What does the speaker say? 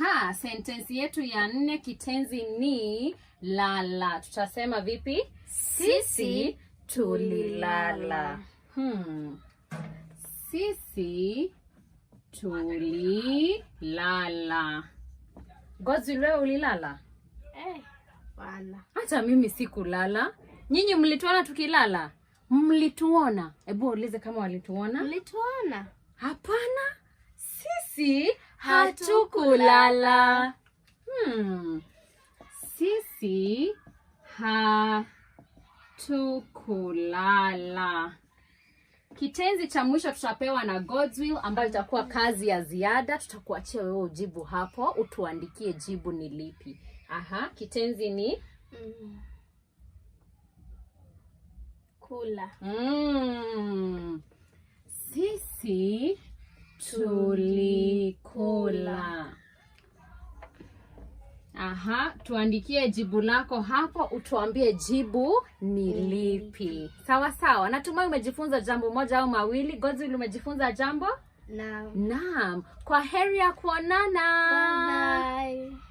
Aha, sentensi yetu ya nne kitenzi ni lala. Tutasema vipi? Sisi tulilala. Hmm. Sisi tulilala. Ngozi, leo ulilala? Eh, wala. Hata mimi sikulala. Nyinyi mlituona tukilala? Mlituona? Hebu ulize kama walituona. Mlituona? Hapana. Sisi hatukulala. Hmm. Sisi hatukulala. Kitenzi cha mwisho tutapewa na God's will ambayo itakuwa kazi ya ziada. Tutakuachia wewe ujibu hapo, utuandikie jibu ni lipi. Aha, kitenzi ni Kula. Mm. Sisi tulikula. Aha, tuandikie jibu lako hapo, utuambie jibu ni lipi. Sawa sawa, natumai umejifunza jambo moja au mawili. gozi umejifunza jambo? Naam. Naam. Kwa heri ya kuonana. Bye bye.